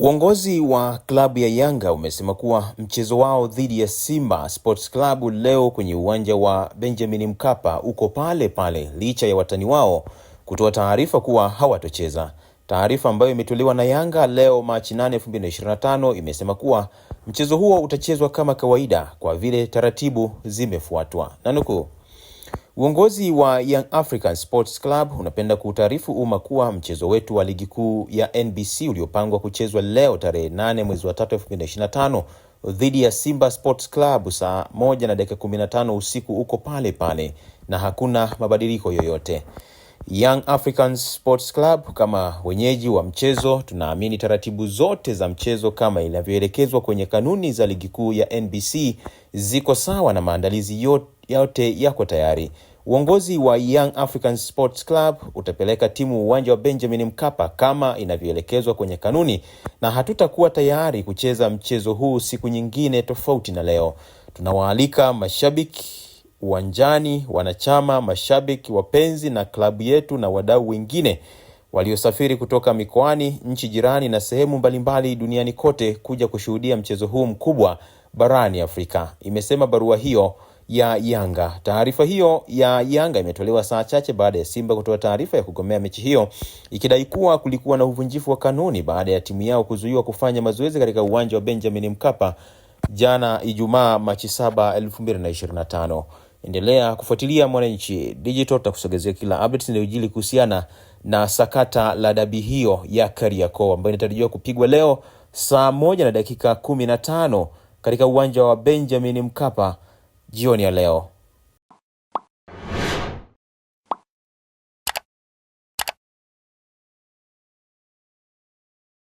Uongozi wa klabu ya Yanga umesema kuwa mchezo wao dhidi ya Simba Sports Club leo kwenye uwanja wa Benjamin Mkapa uko pale pale licha ya watani wao kutoa taarifa kuwa hawatocheza. Taarifa ambayo imetolewa na Yanga leo Machi 8, 2025 imesema kuwa mchezo huo utachezwa kama kawaida kwa vile taratibu zimefuatwa. Nanukuu, Uongozi wa Young African Sports Club unapenda kuutaarifu umma kuwa mchezo wetu wa ligi kuu ya NBC uliopangwa kuchezwa leo tarehe 8 mwezi wa na tano dhidi ya Simba Sports Club saa 1 na dakika 15 usiku uko pale pale na hakuna mabadiliko yoyote. Young African Sports Club kama wenyeji wa mchezo, tunaamini taratibu zote za mchezo kama inavyoelekezwa kwenye kanuni za ligi kuu ya NBC ziko sawa na maandalizi yote yako tayari. Uongozi wa Young African Sports Club utapeleka timu uwanja wa Benjamin Mkapa kama inavyoelekezwa kwenye kanuni, na hatutakuwa tayari kucheza mchezo huu siku nyingine tofauti na leo. Tunawaalika mashabiki uwanjani, wanachama, mashabiki, wapenzi na klabu yetu na wadau wengine waliosafiri kutoka mikoani, nchi jirani na sehemu mbalimbali duniani kote kuja kushuhudia mchezo huu mkubwa barani Afrika, imesema barua hiyo ya Yanga. Taarifa hiyo ya Yanga imetolewa saa chache baada ya Simba kutoa taarifa ya kugomea mechi hiyo ikidai kuwa kulikuwa na uvunjifu wa kanuni baada ya timu yao kuzuiwa kufanya mazoezi katika uwanja wa Benjamin Mkapa jana Ijumaa Machi 7, 2025. Endelea kufuatilia Mwananchi Digital, tutakusogezea kila updates inayojili kuhusiana na sakata la dabi hiyo ya Kariakoo ambayo inatarajiwa kupigwa leo saa moja na dakika 15 katika uwanja wa Benjamin Mkapa jioni ya leo.